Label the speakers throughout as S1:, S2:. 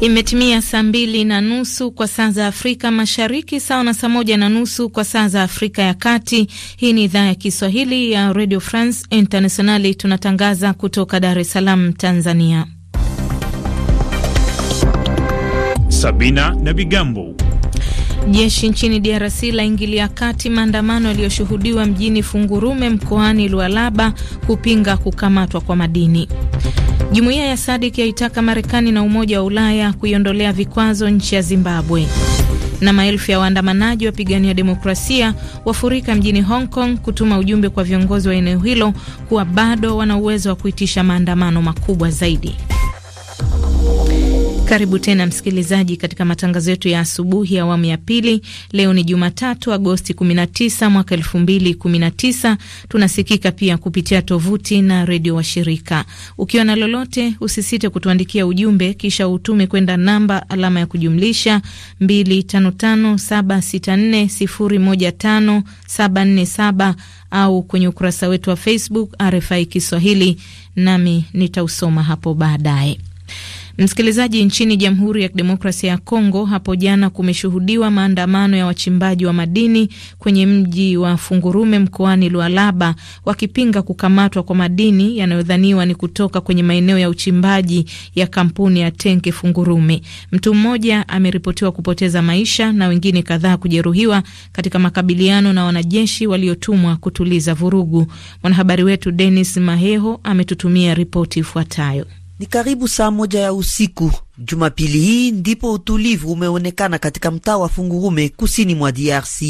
S1: Imetimia saa mbili na nusu kwa saa za Afrika Mashariki, sawa na saa moja na nusu kwa saa za Afrika ya Kati. Hii ni idhaa ya Kiswahili ya Radio France Internationali, tunatangaza kutoka Dar es Salaam, Tanzania.
S2: Sabina na Bigambo.
S1: Jeshi nchini DRC laingilia kati maandamano yaliyoshuhudiwa mjini Fungurume mkoani Lualaba kupinga kukamatwa kwa madini. Jumuiya ya sadik yaitaka Marekani na Umoja wa Ulaya kuiondolea vikwazo nchi ya Zimbabwe. Na maelfu ya waandamanaji wapigania demokrasia wafurika mjini Hong Kong kutuma ujumbe kwa viongozi wa eneo hilo kuwa bado wana uwezo wa kuitisha maandamano makubwa zaidi. Karibu tena msikilizaji, katika matangazo yetu ya asubuhi ya awamu ya pili. Leo ni Jumatatu, Agosti 19 mwaka 2019. Tunasikika pia kupitia tovuti na redio washirika. Ukiwa na lolote, usisite kutuandikia ujumbe, kisha utume kwenda namba alama ya kujumlisha 255764015747 au kwenye ukurasa wetu wa Facebook RFI Kiswahili, nami nitausoma hapo baadaye. Msikilizaji, nchini Jamhuri ya Kidemokrasia ya Kongo hapo jana kumeshuhudiwa maandamano ya wachimbaji wa madini kwenye mji wa Fungurume mkoani Lualaba wakipinga kukamatwa kwa madini yanayodhaniwa ni kutoka kwenye maeneo ya uchimbaji ya kampuni ya Tenke Fungurume. Mtu mmoja ameripotiwa kupoteza maisha na wengine kadhaa kujeruhiwa katika makabiliano na wanajeshi waliotumwa kutuliza vurugu. Mwanahabari wetu Denis Maheho ametutumia ripoti ifuatayo.
S3: Ni karibu saa moja ya usiku Jumapili hii ndipo utulivu umeonekana katika mtaa wa Fungurume kusini mwa DRC.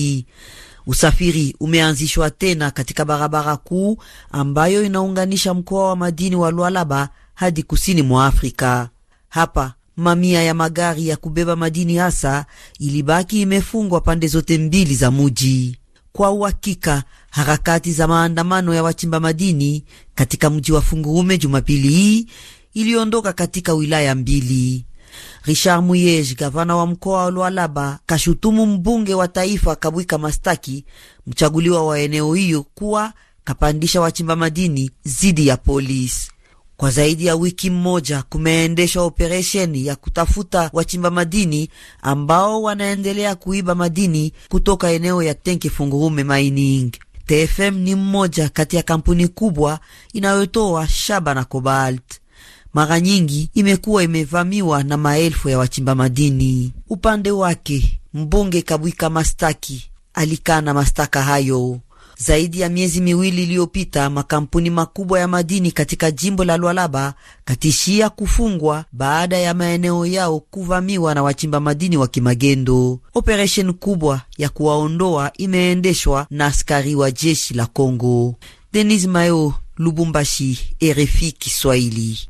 S3: Usafiri umeanzishwa tena katika barabara kuu ambayo inaunganisha mkoa wa madini wa Lualaba hadi kusini mwa Afrika. Hapa mamia ya magari ya kubeba madini hasa ilibaki imefungwa pande zote mbili za muji. Kwa uhakika harakati za maandamano ya wachimba madini katika mji wa Fungurume Jumapili hii iliondoka katika wilaya mbili. Richard Muyej, gavana wa mkoa wa Lualaba, kashutumu mbunge wa taifa Kabwika Mastaki, mchaguliwa wa eneo hiyo, kuwa kapandisha wachimba madini zidi ya polisi. Kwa zaidi ya wiki mmoja kumeendeshwa operesheni ya kutafuta wachimba madini ambao wanaendelea kuiba madini kutoka eneo ya Tenke Fungurume Mining. TFM ni mmoja kati ya kampuni kubwa inayotoa shaba na cobalt mara nyingi imekuwa imevamiwa na maelfu ya wachimba madini. Upande wake mbunge Kabwika Mastaki alikana mastaka hayo. Zaidi ya miezi miwili iliyopita, makampuni makubwa ya madini katika jimbo la Lwalaba katishia kufungwa baada ya maeneo yao kuvamiwa na wachimba madini wa kimagendo. Operesheni kubwa ya kuwaondoa imeendeshwa na askari wa jeshi la Kongo. Denis Mayo, Lubumbashi, RFI Kiswahili.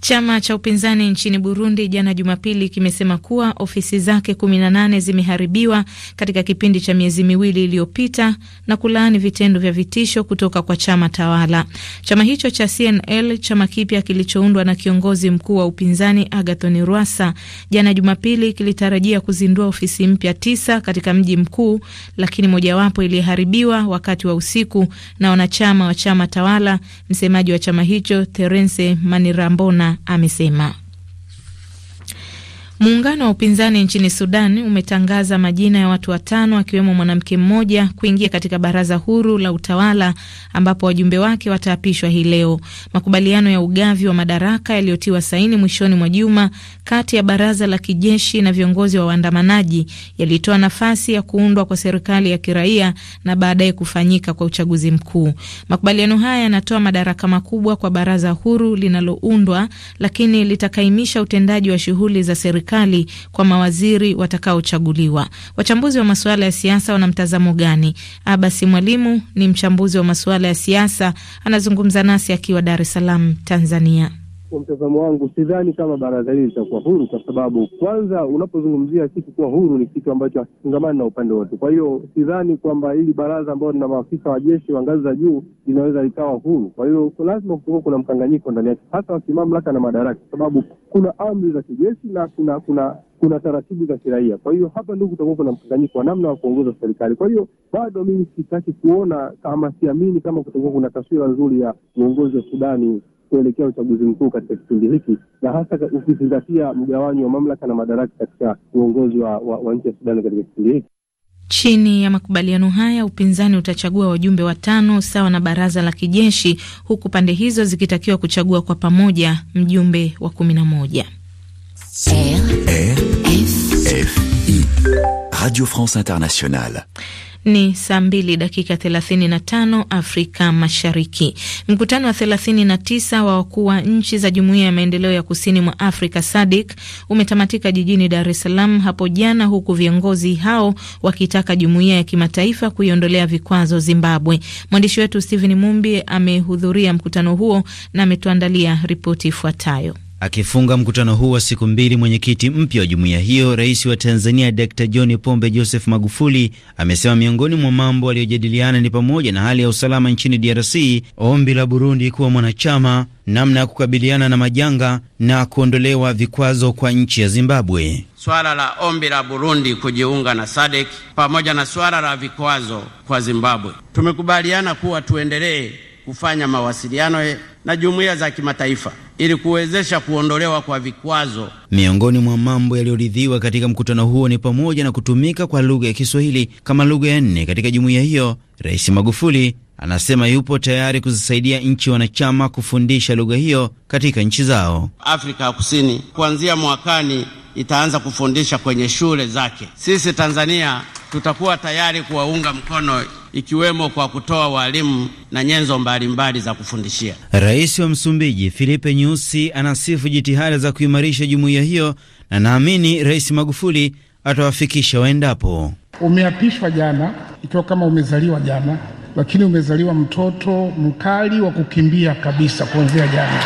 S1: Chama cha upinzani nchini Burundi jana Jumapili kimesema kuwa ofisi zake 18 zimeharibiwa katika kipindi cha miezi miwili iliyopita na kulaani vitendo vya vitisho kutoka kwa chama tawala. Chama hicho cha CNL, chama kipya kilichoundwa na kiongozi mkuu wa upinzani Agathon Rwasa, jana Jumapili kilitarajia kuzindua ofisi mpya tisa katika mji mkuu, lakini mojawapo iliharibiwa wakati wa usiku na wanachama wa chama tawala. Msemaji wa chama hicho Terence Manirambona amesema. Muungano wa upinzani nchini Sudan umetangaza majina ya watu watano akiwemo mwanamke mmoja kuingia katika baraza huru la utawala ambapo wajumbe wake wataapishwa hii leo. Makubaliano ya ugavi wa madaraka yaliyotiwa saini mwishoni mwa juma kati ya baraza la kijeshi na viongozi wa waandamanaji yalitoa nafasi ya kuundwa kwa serikali ya kiraia na baadaye kufanyika kwa uchaguzi mkuu. Makubaliano haya yanatoa madaraka makubwa kwa baraza huru linaloundwa, lakini litakaimisha utendaji wa shughuli za serikali serikali kwa mawaziri watakaochaguliwa. Wachambuzi wa masuala ya siasa wana mtazamo gani? Abasi Mwalimu ni mchambuzi wa masuala ya siasa, anazungumza nasi akiwa Dar es Salaam, Tanzania
S4: kwa mtazamo wangu, sidhani kama baraza hili litakuwa huru, kwa sababu kwanza, unapozungumzia kitu kuwa huru, ni kitu ambacho hakifungamani na upande wote. Kwa hiyo sidhani kwamba hili baraza ambao lina maafisa wa jeshi wa ngazi za juu linaweza likawa huru. Kwa hiyo lazima kuwa kuna mkanganyiko ndani yake, hasa wa kimamlaka na madaraka, kwa sababu kuna amri za kijeshi na kuna kuna kuna taratibu za kiraia. Kwa hiyo hapa ndio kutakuwa kuna mkanganyiko wa namna wa kuongoza serikali. Kwa hiyo bado mimi sitaki kuona kama, siamini kama kutakuwa kuna taswira nzuri ya uongozi wa Sudani kuelekea uchaguzi mkuu katika kipindi hiki, na hasa ukizingatia mgawanyo wa mamlaka na madaraka katika uongozi wa, wa, wa nchi ya Sudani katika kipindi hiki.
S1: Chini ya makubaliano haya upinzani utachagua wajumbe watano sawa na baraza la kijeshi, huku pande hizo zikitakiwa kuchagua kwa pamoja mjumbe wa kumi na moja.
S2: Radio France Internationale.
S1: Ni saa mbili dakika 35 Afrika Mashariki. Mkutano wa 39 wa wakuu wa nchi za Jumuiya ya Maendeleo ya Kusini mwa Afrika SADC umetamatika jijini Dar es Salaam hapo jana, huku viongozi hao wakitaka jumuiya ya kimataifa kuiondolea vikwazo Zimbabwe. Mwandishi wetu Stephen Mumbi amehudhuria mkutano huo na ametuandalia ripoti ifuatayo.
S5: Akifunga mkutano huu wa siku mbili, mwenyekiti mpya wa jumuiya hiyo, rais wa Tanzania d John Pombe Joseph Magufuli amesema miongoni mwa mambo aliyojadiliana ni pamoja na hali ya usalama nchini DRC, ombi la Burundi kuwa mwanachama, namna ya kukabiliana na majanga na kuondolewa vikwazo kwa nchi ya Zimbabwe,
S6: swala la ombi la Burundi kujiunga na SADC pamoja na swala la vikwazo kwa Zimbabwe. Tumekubaliana kuwa tuendelee kufanya mawasiliano na jumuiya za kimataifa ili kuwezesha kuondolewa kwa vikwazo.
S5: Miongoni mwa mambo yaliyoridhiwa katika mkutano huo ni pamoja na kutumika kwa lugha ya Kiswahili kama lugha ya nne katika jumuiya hiyo. Rais Magufuli anasema yupo tayari kuzisaidia nchi wanachama kufundisha lugha hiyo katika nchi zao.
S6: Afrika ya Kusini kuanzia mwakani itaanza kufundisha kwenye shule zake. Sisi Tanzania tutakuwa tayari kuwaunga mkono ikiwemo kwa kutoa walimu na nyenzo mbalimbali mbali za kufundishia.
S5: Rais wa Msumbiji Filipe Nyusi anasifu jitihada za kuimarisha jumuiya hiyo na naamini Rais Magufuli atawafikisha waendapo.
S4: Umeapishwa jana, ikiwa kama umezaliwa jana, lakini umezaliwa mtoto mkali wa kukimbia kabisa kuanzia jana.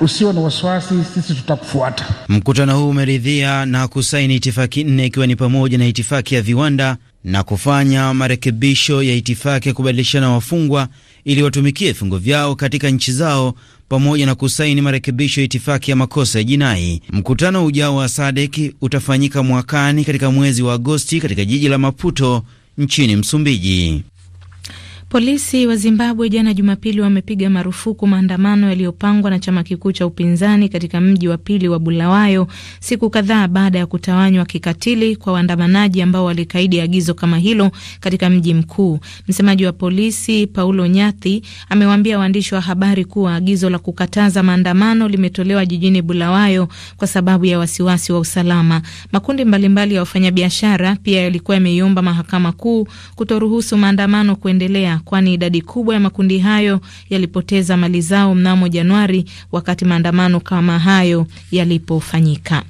S4: Usiwe na wasiwasi, sisi tutakufuata.
S5: Mkutano huu umeridhia na kusaini itifaki nne ikiwa ni pamoja na itifaki ya viwanda na kufanya marekebisho ya itifaki ya kubadilishana wafungwa ili watumikie vifungo vyao katika nchi zao pamoja na kusaini marekebisho ya itifaki ya makosa ya jinai. Mkutano ujao wa SADC utafanyika mwakani katika mwezi wa Agosti katika jiji la Maputo nchini Msumbiji.
S1: Polisi wa Zimbabwe jana Jumapili wamepiga marufuku maandamano yaliyopangwa na chama kikuu cha upinzani katika mji wa pili wa Bulawayo siku kadhaa baada ya kutawanywa kikatili kwa waandamanaji ambao walikaidi agizo kama hilo katika mji mkuu. Msemaji wa polisi Paulo Nyathi amewaambia waandishi wa habari kuwa agizo la kukataza maandamano limetolewa jijini Bulawayo kwa sababu ya wasiwasi wa usalama. Makundi mbalimbali mbali ya wafanyabiashara pia yalikuwa yameiomba mahakama kuu kutoruhusu maandamano kuendelea kwani idadi kubwa ya makundi hayo yalipoteza mali zao mnamo Januari wakati maandamano kama hayo yalipofanyika.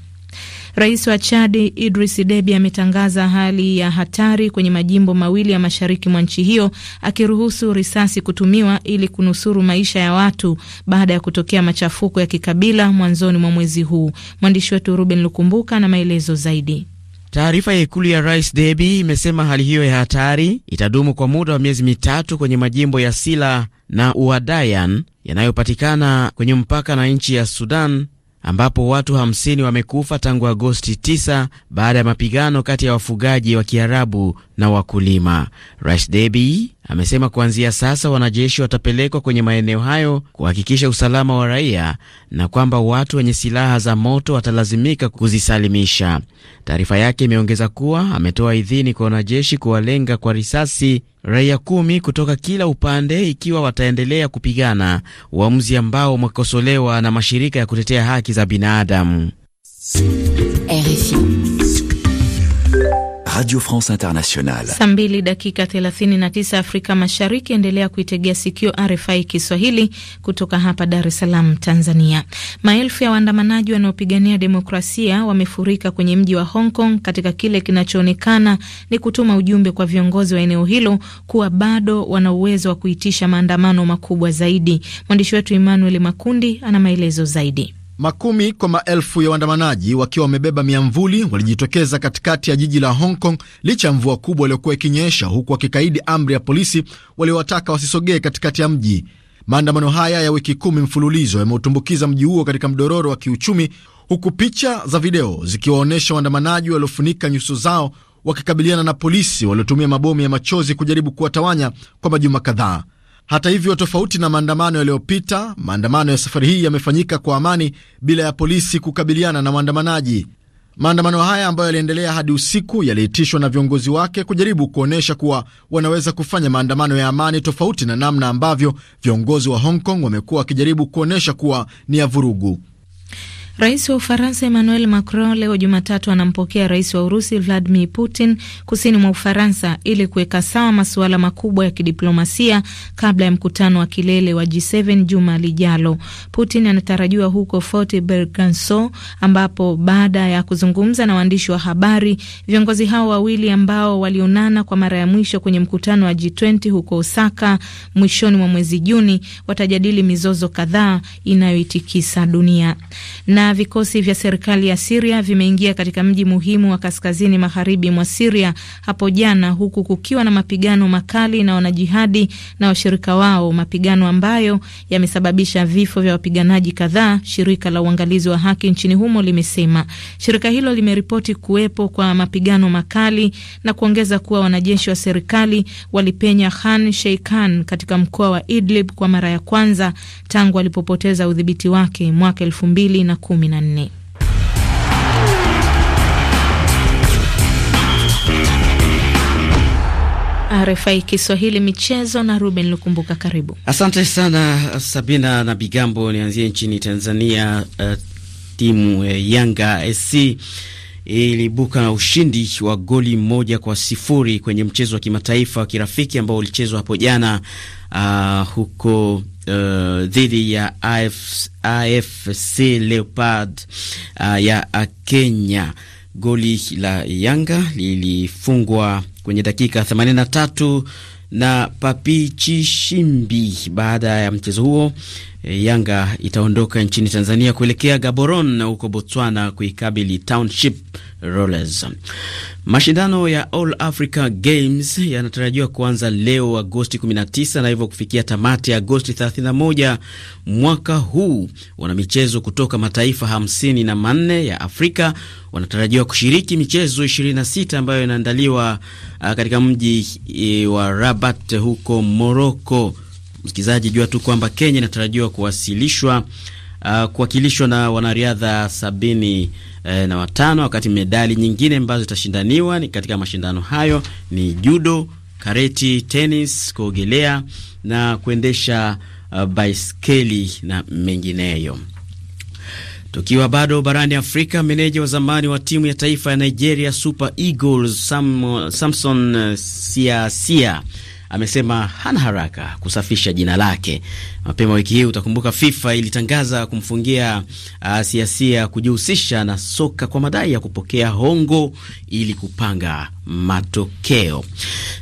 S1: Rais wa Chadi Idris Debi ametangaza hali ya hatari kwenye majimbo mawili ya mashariki mwa nchi hiyo akiruhusu risasi kutumiwa ili kunusuru maisha ya watu baada ya kutokea machafuko ya kikabila mwanzoni mwa mwezi huu. Mwandishi wetu Ruben Lukumbuka na maelezo zaidi.
S6: Taarifa ya ikulu ya rais Deby imesema hali hiyo ya hatari itadumu kwa muda wa miezi mitatu kwenye majimbo ya Sila na Uadayan yanayopatikana kwenye mpaka na nchi ya Sudan ambapo watu 50 wamekufa tangu Agosti 9 baada ya mapigano kati ya wafugaji wa Kiarabu na wakulima. Rais Deby amesema kuanzia sasa wanajeshi watapelekwa kwenye maeneo hayo kuhakikisha usalama wa raia na kwamba watu wenye silaha za moto watalazimika kuzisalimisha. Taarifa yake imeongeza kuwa ametoa idhini kwa wanajeshi kuwalenga kwa risasi raia kumi kutoka kila upande ikiwa wataendelea kupigana, uamuzi ambao umekosolewa na mashirika ya kutetea haki za binadamu
S1: RFI.
S6: Radio France Internationale.
S2: Saa
S1: mbili dakika 39 Afrika Mashariki. Endelea kuitegea sikio RFI Kiswahili kutoka hapa Dar es Salaam, Tanzania. Maelfu ya waandamanaji wanaopigania demokrasia wamefurika kwenye mji wa Hong Kong katika kile kinachoonekana ni kutuma ujumbe kwa viongozi wa eneo hilo kuwa bado wana uwezo wa kuitisha maandamano makubwa zaidi. Mwandishi wetu Emmanuel Makundi ana maelezo zaidi.
S7: Makumi kwa maelfu ya waandamanaji wakiwa wamebeba miamvuli walijitokeza katikati ya jiji la Hong Kong licha ya mvua kubwa iliyokuwa ikinyesha, huku wakikaidi amri ya polisi waliowataka wasisogee katikati ya mji. Maandamano haya ya wiki kumi mfululizo yameutumbukiza mji huo katika mdororo wa kiuchumi, huku picha za video zikiwaonyesha waandamanaji waliofunika nyuso zao wakikabiliana na polisi waliotumia mabomu ya machozi kujaribu kuwatawanya kwa majuma kadhaa. Hata hivyo, tofauti na maandamano yaliyopita, maandamano ya safari hii yamefanyika kwa amani bila ya polisi kukabiliana na waandamanaji. Maandamano haya ambayo yaliendelea hadi usiku yaliitishwa na viongozi wake kujaribu kuonyesha kuwa wanaweza kufanya maandamano ya amani, tofauti na namna ambavyo viongozi wa Hong Kong wamekuwa wakijaribu kuonyesha kuwa ni ya vurugu.
S1: Rais wa Ufaransa Emmanuel Macron leo Jumatatu anampokea rais wa Urusi Vladimir Putin kusini mwa Ufaransa ili kuweka sawa masuala makubwa ya kidiplomasia kabla ya mkutano wa kilele wa G7 juma lijalo. Putin anatarajiwa huko Fort bergansou ambapo baada ya kuzungumza na waandishi wa habari, viongozi hao wawili ambao walionana kwa mara ya mwisho kwenye mkutano wa G20 huko Osaka mwishoni mwa mwezi Juni watajadili mizozo kadhaa inayoitikisa dunia na vikosi vya serikali ya Siria vimeingia katika mji muhimu wa kaskazini magharibi mwa Siria hapo jana, huku kukiwa na mapigano makali na wanajihadi na washirika wao, mapigano ambayo yamesababisha vifo vya wapiganaji kadhaa, shirika la uangalizi wa haki nchini humo limesema. Shirika hilo limeripoti kuwepo kwa mapigano makali na kuongeza kuwa wanajeshi wa serikali walipenya Khan sheikan katika mkoa wa Idlib kwa mara ya kwanza tangu alipopoteza udhibiti wake mwaka elfu mbili na kumi. RFI Kiswahili michezo na Ruben Lukumbuka, karibu.
S6: Asante sana Sabina na Bigambo. Nianzie nchini Tanzania. Uh, timu uh, Yanga SC iliibuka na ushindi wa goli moja kwa sifuri kwenye mchezo wa kimataifa wa kirafiki ambao ulichezwa hapo jana uh, huko Euh, dhidi ya AFC Leopard uh, ya uh, Kenya. Goli la Yanga lilifungwa kwenye dakika 83 na Papi Chishimbi. Baada ya mchezo huo Eh, Yanga itaondoka nchini Tanzania kuelekea Gaborone huko Botswana kuikabili Township Rollers. Mashindano ya All Africa Games yanatarajiwa kuanza leo Agosti 19 na hivyo kufikia tamati ya Agosti 31 mwaka huu. Wanamichezo kutoka mataifa hamsini na manne ya Afrika wanatarajiwa kushiriki michezo 26 ambayo inaandaliwa ah, katika mji eh, wa Rabat huko Morocco. Msikilizaji, jua tu kwamba Kenya inatarajiwa kuwasilishwa uh, kuwakilishwa na wanariadha sabini eh, na watano, wakati medali nyingine ambazo zitashindaniwa ni katika mashindano hayo ni judo, kareti, tenis, kuogelea na kuendesha uh, baiskeli na mengineyo. Tukiwa bado barani Afrika, meneja wa zamani wa timu ya taifa ya Nigeria Super Eagles Sam, Samson eh, Siasia amesema hana haraka kusafisha jina lake. Mapema wiki hii, utakumbuka FIFA ilitangaza kumfungia uh, Siasia kujihusisha na soka kwa madai ya kupokea hongo ili kupanga matokeo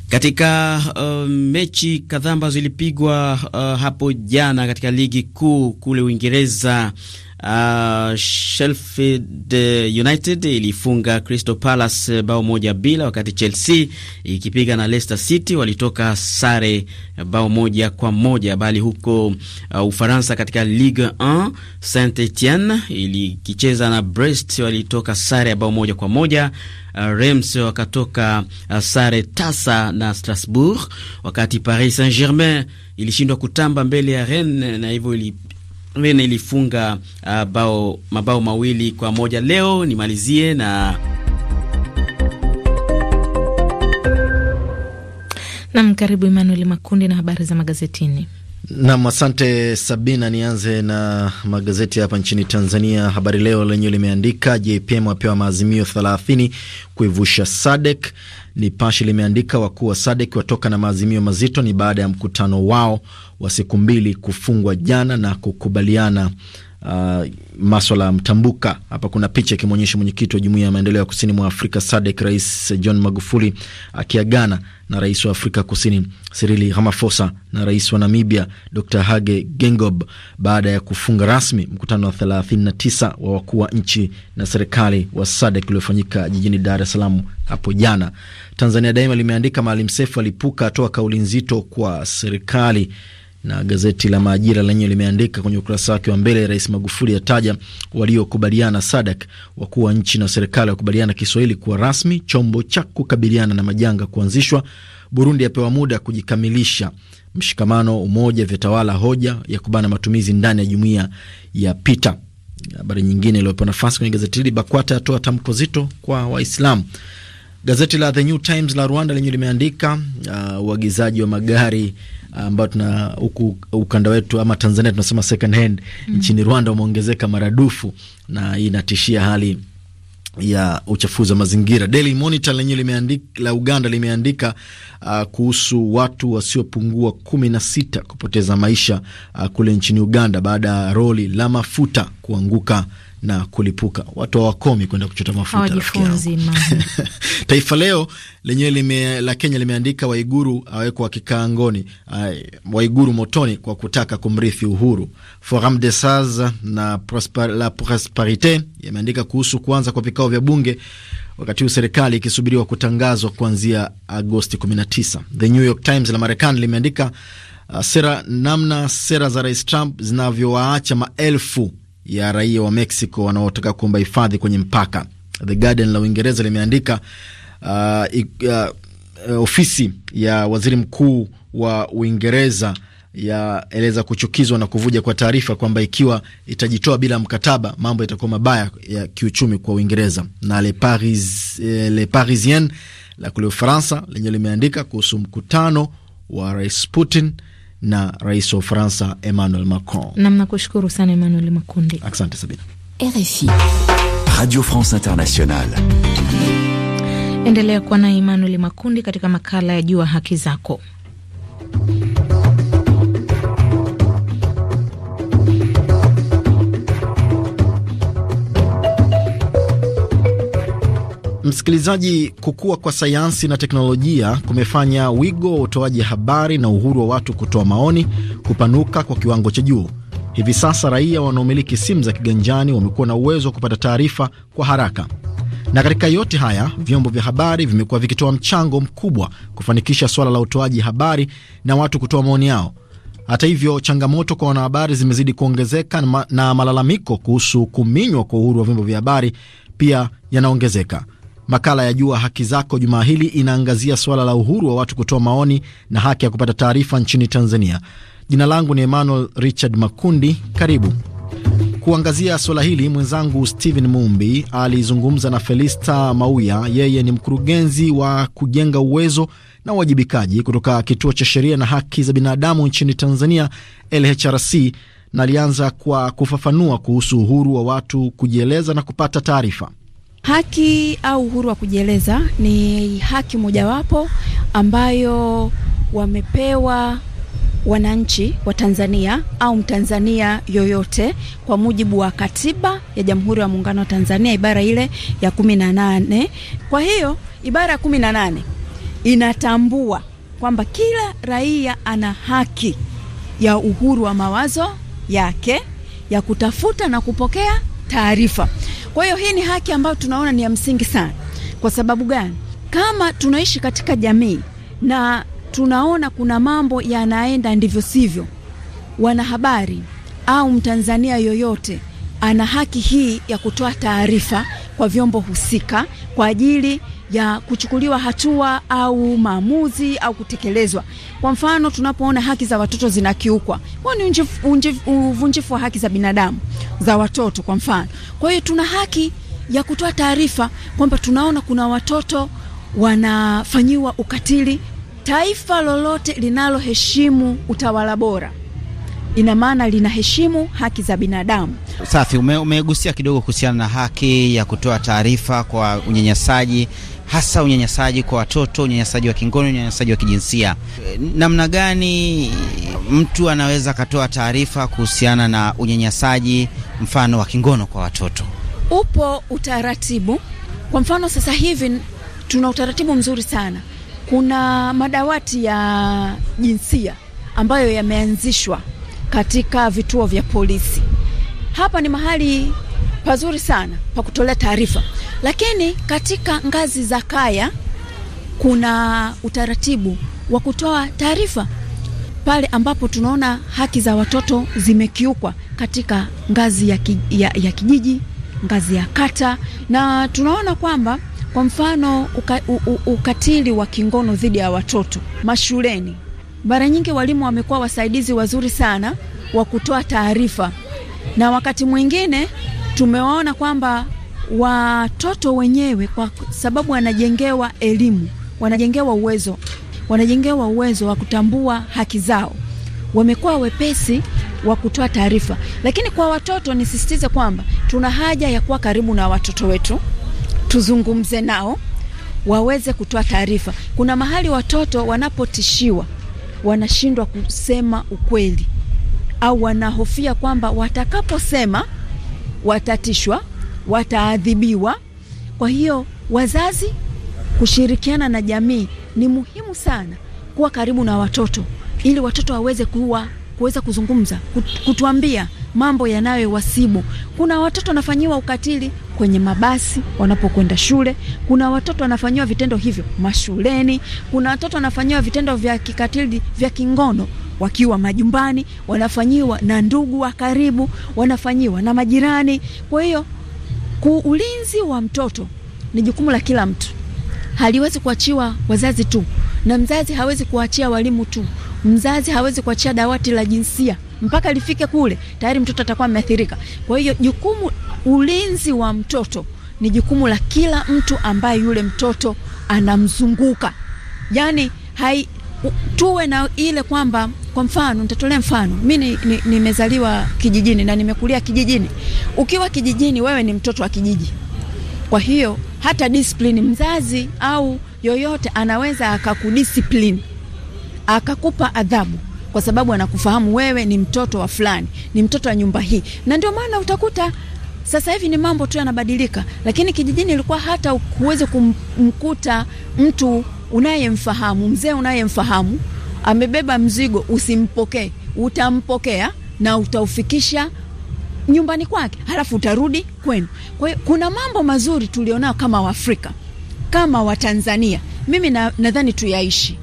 S6: katika uh, mechi kadhaa ambazo ilipigwa uh, hapo jana katika ligi kuu kule Uingereza. Uh, Sheffield uh, United ilifunga Crystal Palace bao moja bila, wakati Chelsea ikipiga na Leicester City walitoka sare bao moja kwa moja. Bali huko uh, Ufaransa katika Ligue 1 Saint Etienne ilikicheza na Brest walitoka sare bao moja kwa moja. Uh, Reims wakatoka uh, sare tasa na Strasbourg, wakati Paris Saint-Germain ilishindwa kutamba mbele ya Rennes na hivyo Ureno ilifunga uh, bao, mabao mawili kwa moja. Leo
S7: nimalizie na
S1: nam. Karibu Emmanuel Makundi na habari za magazetini.
S7: Nam, asante Sabina. Nianze na magazeti hapa nchini Tanzania. Habari Leo lenyewe limeandika JPM wapewa maazimio 30 kuivusha Sadek. Nipashe limeandika wakuu wa Sadek watoka na maazimio mazito, ni baada ya mkutano wao wa siku mbili kufungwa jana na kukubaliana uh, maswala ya mtambuka. Hapa kuna picha ikimwonyesha mwenyekiti wa jumuiya ya maendeleo ya kusini mwa Afrika SADC Rais John Magufuli akiagana na rais wa Afrika Kusini Cyril Ramaphosa na rais wa Namibia Dr Hage Geingob baada ya kufunga rasmi mkutano wa 39 wa wakuu wa nchi na serikali wa SADC uliofanyika jijini Dar es Salaam hapo jana. Tanzania Daima limeandika Maalim Sefu alipuka, atoa kauli nzito kwa serikali na gazeti la Maajira lenyewe limeandika kwenye ukurasa wake wa mbele, Rais Magufuli ataja waliokubaliana Sadak, wakuu wa nchi na serikali wakubaliana Kiswahili kuwa rasmi, chombo cha kukabiliana na majanga kuanzishwa. Burundi yapewa muda kujikamilisha. Mshikamano, umoja vyatawala hoja ya kubana matumizi ndani ya jumuiya ya pita. Habari nyingine iliyopewa nafasi kwenye gazeti hili, BAKWATA yatoa tamko zito kwa Waislamu. Gazeti la The New Times la Rwanda lenyewe limeandika uh, uagizaji uh, wa magari ambayo tuna huku ukanda wetu ama Tanzania tunasema second hand mm. Nchini Rwanda umeongezeka maradufu na inatishia hali ya uchafuzi wa mazingira. Daily Monitor lenyewe la Uganda limeandika uh, kuhusu watu wasiopungua kumi na sita kupoteza maisha uh, kule nchini Uganda baada ya roli la mafuta kuanguka na kulipuka. Watu hawakomi kwenda kuchota mafuta. Taifa Leo lenyewe lime, la Kenya limeandika Waiguru awekwa kikaangoni, Waiguru motoni kwa kutaka kumrithi Uhuru. Forum des Sas na Prosper, la Prosperite yameandika kuhusu kuanza kwa vikao vya bunge wakati huu serikali ikisubiriwa kutangazwa kuanzia Agosti 19. The New York Times la Marekani limeandika uh, sera namna sera za Rais Trump zinavyowaacha maelfu ya raia wa Mexico wanaotaka kuomba hifadhi kwenye mpaka. The Guardian la Uingereza limeandika uh, uh, uh, ofisi ya waziri mkuu wa Uingereza yaeleza kuchukizwa na kuvuja kwa taarifa kwamba ikiwa itajitoa bila mkataba mambo yatakuwa mabaya ya kiuchumi kwa Uingereza. Na Le, Paris, eh, Le Parisien la kule Ufaransa lenyewe limeandika kuhusu mkutano wa Rais Putin na rais wa Ufaransa Emmanuel Macron.
S1: Nam, nakushukuru sana Emmanuel Makundi. Asante Sabina. RFI
S7: Radio France
S2: Internationale.
S1: Endelea kuwa naye Emmanuel Makundi katika makala ya Jua Haki Zako.
S7: Msikilizaji, kukua kwa sayansi na teknolojia kumefanya wigo wa utoaji habari na uhuru wa watu kutoa maoni kupanuka kwa kiwango cha juu. Hivi sasa raia wanaomiliki simu za kiganjani wamekuwa na uwezo wa kupata taarifa kwa haraka. Na katika yote haya, vyombo vya habari vimekuwa vikitoa mchango mkubwa kufanikisha swala la utoaji habari na watu kutoa maoni yao. Hata hivyo, changamoto kwa wanahabari zimezidi kuongezeka na malalamiko kuhusu kuminywa kwa uhuru wa vyombo vya habari pia yanaongezeka. Makala ya Jua Haki Zako jumaa hili inaangazia suala la uhuru wa watu kutoa maoni na haki ya kupata taarifa nchini Tanzania. Jina langu ni Emmanuel Richard Makundi. Karibu kuangazia suala hili. Mwenzangu Stephen Mumbi alizungumza na Felista Mauya, yeye ni mkurugenzi wa kujenga uwezo na uwajibikaji kutoka kituo cha sheria na haki za binadamu nchini Tanzania, LHRC, na alianza kwa kufafanua kuhusu uhuru wa watu kujieleza na kupata taarifa.
S8: Haki au uhuru wa kujieleza ni haki mojawapo ambayo wamepewa wananchi wa Tanzania au Mtanzania yoyote kwa mujibu wa Katiba ya Jamhuri ya Muungano wa Tanzania, ibara ile ya kumi na nane. Kwa hiyo ibara ya kumi na nane inatambua kwamba kila raia ana haki ya uhuru wa mawazo yake ya kutafuta na kupokea taarifa. Kwa hiyo hii ni haki ambayo tunaona ni ya msingi sana. Kwa sababu gani? Kama tunaishi katika jamii na tunaona kuna mambo yanaenda ndivyo sivyo, wanahabari au Mtanzania yoyote ana haki hii ya kutoa taarifa kwa vyombo husika kwa ajili ya kuchukuliwa hatua au maamuzi au kutekelezwa. Kwa mfano, tunapoona haki za watoto zinakiukwa, huo ni uvunjifu wa haki za binadamu za watoto. Kwa mfano, kwa hiyo tuna haki ya kutoa taarifa kwamba tunaona kuna watoto wanafanyiwa ukatili. Taifa lolote linaloheshimu utawala bora ina maana linaheshimu haki za binadamu.
S5: Safi, umegusia kidogo kuhusiana na haki ya kutoa taarifa kwa unyanyasaji, hasa unyanyasaji kwa watoto, unyanyasaji wa kingono, unyanyasaji wa kijinsia. Namna gani mtu anaweza akatoa taarifa kuhusiana na unyanyasaji mfano wa kingono kwa watoto?
S8: Upo utaratibu. Kwa mfano sasa hivi tuna utaratibu mzuri sana, kuna madawati ya jinsia ambayo yameanzishwa katika vituo vya polisi. Hapa ni mahali pazuri sana pa kutolea taarifa, lakini katika ngazi za kaya kuna utaratibu wa kutoa taarifa pale ambapo tunaona haki za watoto zimekiukwa katika ngazi ya, ki, ya, ya kijiji, ngazi ya kata, na tunaona kwamba kwa mfano uka, u, u, ukatili wa kingono dhidi ya watoto mashuleni, mara nyingi walimu wamekuwa wasaidizi wazuri sana wa kutoa taarifa, na wakati mwingine tumewaona kwamba watoto wenyewe kwa sababu wanajengewa elimu, wanajengewa uwezo, wanajengewa uwezo wa kutambua haki zao, wamekuwa wepesi wa kutoa taarifa. Lakini kwa watoto nisisitize kwamba tuna haja ya kuwa karibu na watoto wetu, tuzungumze nao waweze kutoa taarifa. Kuna mahali watoto wanapotishiwa wanashindwa kusema ukweli au wanahofia kwamba watakaposema watatishwa, wataadhibiwa. Kwa hiyo wazazi kushirikiana na jamii ni muhimu sana, kuwa karibu na watoto ili watoto waweze kuwa kuweza kuzungumza, kutuambia mambo yanayowasibu. Kuna watoto wanafanyiwa ukatili kwenye mabasi wanapokwenda shule, kuna watoto wanafanyiwa vitendo hivyo mashuleni, kuna watoto wanafanyiwa vitendo vya kikatili vya kingono wakiwa majumbani, wanafanyiwa na ndugu wa karibu, wanafanyiwa na majirani. Kwa hiyo ulinzi wa mtoto ni jukumu la kila mtu, haliwezi kuachiwa wazazi tu, na mzazi hawezi kuachia walimu tu mzazi hawezi kuachia dawati la jinsia mpaka lifike kule, tayari mtoto atakuwa ameathirika. Kwa hiyo jukumu, ulinzi wa mtoto ni jukumu la kila mtu ambaye yule mtoto anamzunguka, yani hai tuwe na ile kwamba, kwa mfano, nitatolea mfano mi nimezaliwa ni, ni kijijini na nimekulia kijijini. Ukiwa kijijini, wewe ni mtoto wa kijiji. Kwa hiyo hata discipline mzazi au yoyote anaweza akakudisiplini akakupa adhabu kwa sababu anakufahamu wewe ni mtoto wa fulani, ni mtoto wa nyumba hii. Na ndio maana utakuta sasa hivi ni mambo tu yanabadilika, lakini kijijini ilikuwa hata huwezi kumkuta mtu unayemfahamu, mzee unayemfahamu amebeba mzigo, usimpokee. Utampokea na utaufikisha nyumbani kwake, halafu utarudi kwenu. Kwa hiyo kuna mambo mazuri tulionao kama Waafrika, kama Watanzania, mimi nadhani na tuyaishi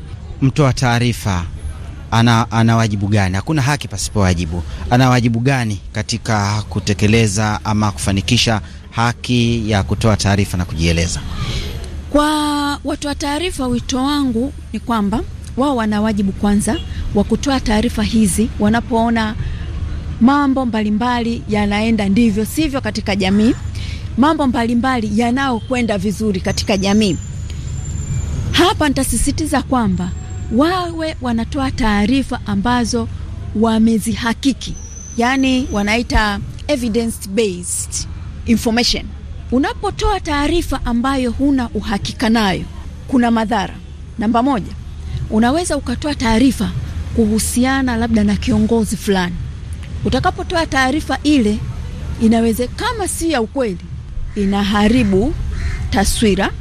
S5: mtoa taarifa ana, ana wajibu gani? Hakuna haki pasipo wajibu. Ana wajibu gani katika kutekeleza ama kufanikisha haki ya kutoa taarifa na kujieleza?
S8: Kwa watoa taarifa, wito wangu ni kwamba wao wana wajibu kwanza wa kutoa taarifa hizi wanapoona mambo mbalimbali yanaenda ndivyo sivyo katika jamii, mambo mbalimbali yanayokwenda vizuri katika jamii. Hapa nitasisitiza kwamba wawe wanatoa taarifa ambazo wamezihakiki, yaani wanaita evidence based information. Unapotoa taarifa ambayo huna uhakika nayo, kuna madhara. Namba moja, unaweza ukatoa taarifa kuhusiana labda na kiongozi fulani. Utakapotoa taarifa ile, inaweze kama si ya ukweli, inaharibu taswira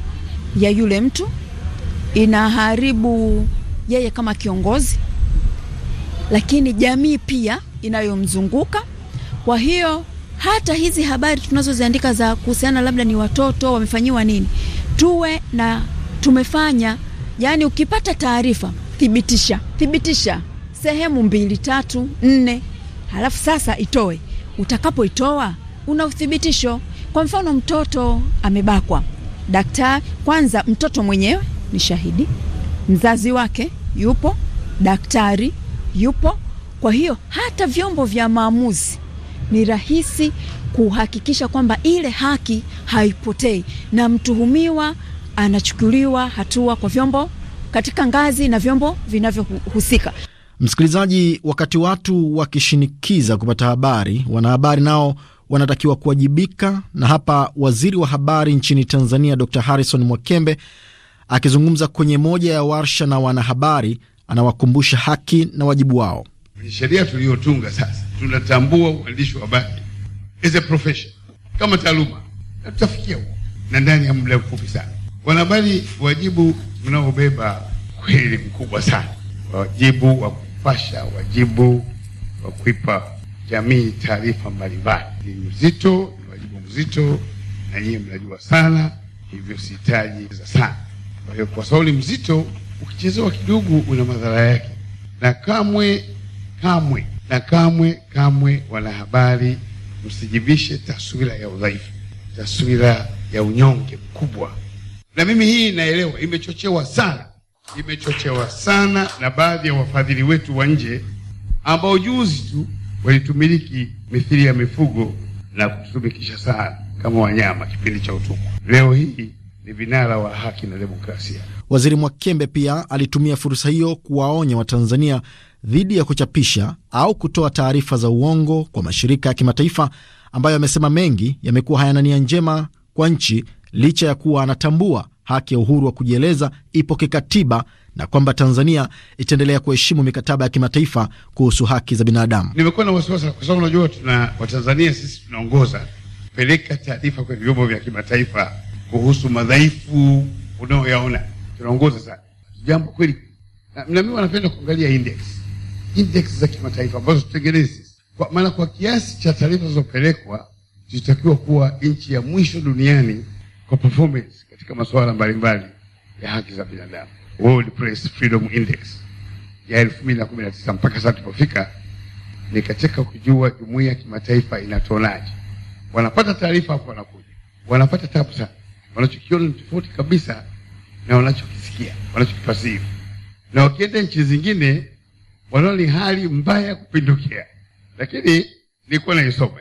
S8: ya yule mtu, inaharibu yeye kama kiongozi, lakini jamii pia inayomzunguka. Kwa hiyo hata hizi habari tunazoziandika za kuhusiana labda ni watoto wamefanyiwa nini, tuwe na tumefanya, yani ukipata taarifa thibitisha, thibitisha sehemu mbili tatu nne, halafu sasa itoe. Utakapoitoa una uthibitisho. Kwa mfano, mtoto amebakwa, daktari kwanza, mtoto mwenyewe ni shahidi mzazi wake yupo, daktari yupo. Kwa hiyo hata vyombo vya maamuzi ni rahisi kuhakikisha kwamba ile haki haipotei na mtuhumiwa anachukuliwa hatua kwa vyombo katika ngazi na vyombo vinavyohusika.
S7: Msikilizaji, wakati watu wakishinikiza kupata habari, wanahabari nao wanatakiwa kuwajibika. Na hapa waziri wa habari nchini Tanzania Dr. Harrison Mwakembe Akizungumza kwenye moja ya warsha na wanahabari, anawakumbusha haki na wajibu wao.
S4: Sheria tuliyotunga sasa tunatambua uandishi wa habari as a profession, kama taaluma, na tutafikia na ndani ya muda mfupi sana. Wanahabari, wajibu mnaobeba kweli mkubwa sana, wajibu wa kupasha, wajibu wa kuipa jamii taarifa mbalimbali ni mzito, ni wajibu mzito, na nyiye mnajua sana, hivyo sihitaji za sana kwa hiyo kwa sauli mzito ukichezewa kidogo una madhara yake, na kamwe kamwe na kamwe kamwe, wanahabari msijibishe taswira ya udhaifu, taswira ya unyonge mkubwa. Na mimi hii inaelewa, imechochewa sana, imechochewa sana na baadhi ya wafadhili wetu wa nje ambao juzi tu walitumiliki mithili ya mifugo na kututumikisha sana kama wanyama kipindi cha utumwa. Leo hii ni vinara wa haki na demokrasia.
S7: Waziri Mwakembe pia alitumia fursa hiyo kuwaonya Watanzania dhidi ya kuchapisha au kutoa taarifa za uongo kwa mashirika ya kimataifa ambayo amesema mengi yamekuwa hayana nia njema kwa nchi, licha ya kuwa anatambua haki ya uhuru wa kujieleza ipo kikatiba na kwamba Tanzania itaendelea kuheshimu mikataba ya kimataifa kuhusu haki za binadamu.
S4: Nimekuwa na wasiwasi kwa sababu unajua, tuna Watanzania sisi tunaongoza peleka taarifa kwenye vyombo vya kimataifa kuhusu madhaifu unaoyaona tunaongoza sana jambo kweli. Na mimi wanapenda kuangalia index index za kimataifa ambazo tutengeneze, kwa maana kwa kiasi cha taarifa zilizopelekwa tulitakiwa kuwa nchi ya mwisho duniani kwa performance katika masuala mbalimbali ya haki za binadamu, World Press Freedom Index ya elfu mbili na kumi na tisa mpaka sasa tulipofika nikacheka kujua jumuiya ya kimataifa inatonaje. Wanapata taarifa hapo, wanakuja wanapata tabu sana wanachokiona ni tofauti kabisa na wanachokisikia, wanachokipasivu, na wakienda nchi zingine wanaona ni hali mbaya ya kupindukia. Lakini nilikuwa naisoma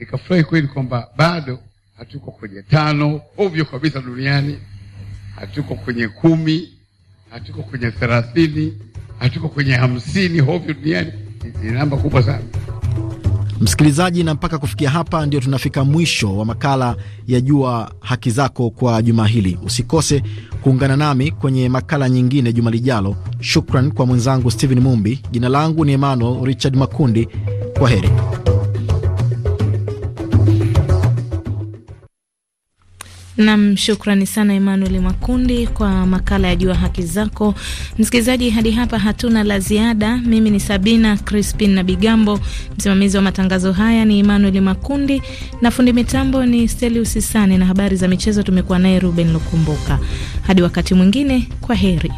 S4: nikafurahi kweli kwamba bado hatuko kwenye tano ovyo kabisa duniani, hatuko kwenye kumi, hatuko kwenye thelathini, hatuko kwenye hamsini ovyo duniani. Ni namba kubwa sana.
S7: Msikilizaji, na mpaka kufikia hapa ndio tunafika mwisho wa makala ya Jua Haki Zako kwa juma hili. Usikose kuungana nami kwenye makala nyingine juma lijalo. Shukran kwa mwenzangu stephen Mumbi. Jina langu ni Emmanuel Richard Makundi. Kwa heri.
S1: Nam, shukrani sana Emmanuel Makundi kwa makala ya Jua Haki Zako. Msikilizaji, hadi hapa hatuna la ziada. Mimi ni Sabina Crispin na Bigambo, msimamizi wa matangazo haya ni Emmanuel Makundi na fundi mitambo ni Stelius Sane, na habari za michezo tumekuwa naye Ruben Lukumbuka. Hadi wakati mwingine, kwa heri.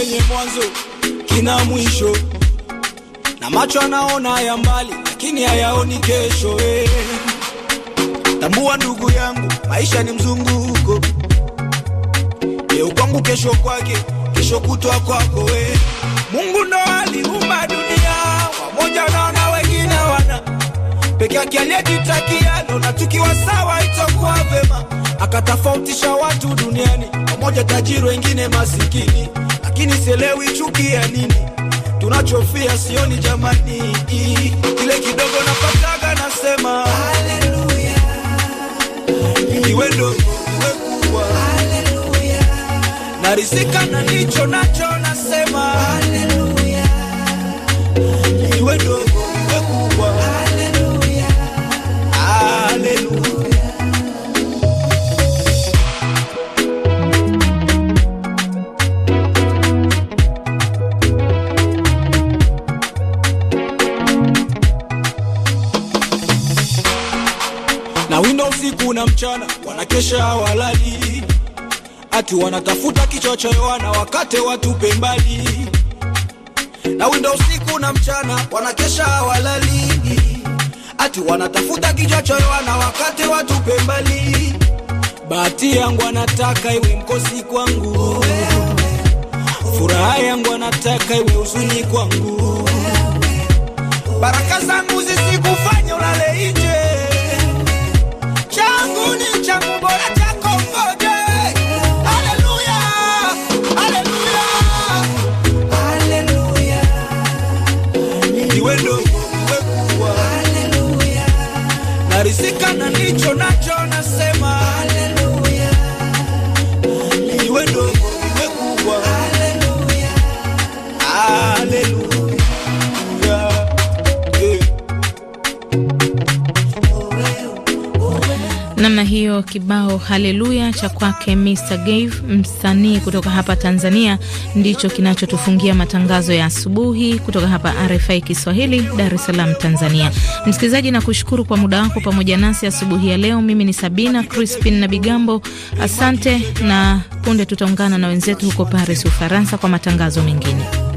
S2: chenye mwanzo kina mwisho, na macho anaona ya mbali, lakini hayaoni kesho. Eh, tambua ndugu yangu, maisha ni mzunguko. Leo kwangu, kesho kwake, kesho kutwa kwako. Eh, Mungu ndo aliumba dunia wamoja na wengine wana peke yake, aliyejitakia na tukiwa sawa itakuwa vema, akatofautisha watu duniani, wamoja tajiri, wengine masikini lakini sielewi chuki ya nini tunachofia sioni, jamani, kile kidogo napataga nasema haleluya, iwe haleluya, narizika na nicho nacho maisha hawalali, ati wanatafuta kichocheo na wakate watupe mbali, na winda usiku na mchana wanakesha hawalali, ati wanatafuta kichocheo na wakate watupe mbali. Bahati yangu anataka iwe mkosi kwangu, furaha yangu anataka iwe huzuni kwangu, baraka zangu zisikufanya ulale nje
S1: Haleluya cha kwake Mr Gave, msanii kutoka hapa Tanzania, ndicho kinachotufungia matangazo ya asubuhi kutoka hapa RFI Kiswahili, Dar es Salaam, Tanzania. Msikilizaji, na kushukuru kwa muda wako pamoja nasi asubuhi ya leo. Mimi ni Sabina Crispin na Bigambo, asante, na punde tutaungana na wenzetu huko Paris, Ufaransa, kwa matangazo mengine.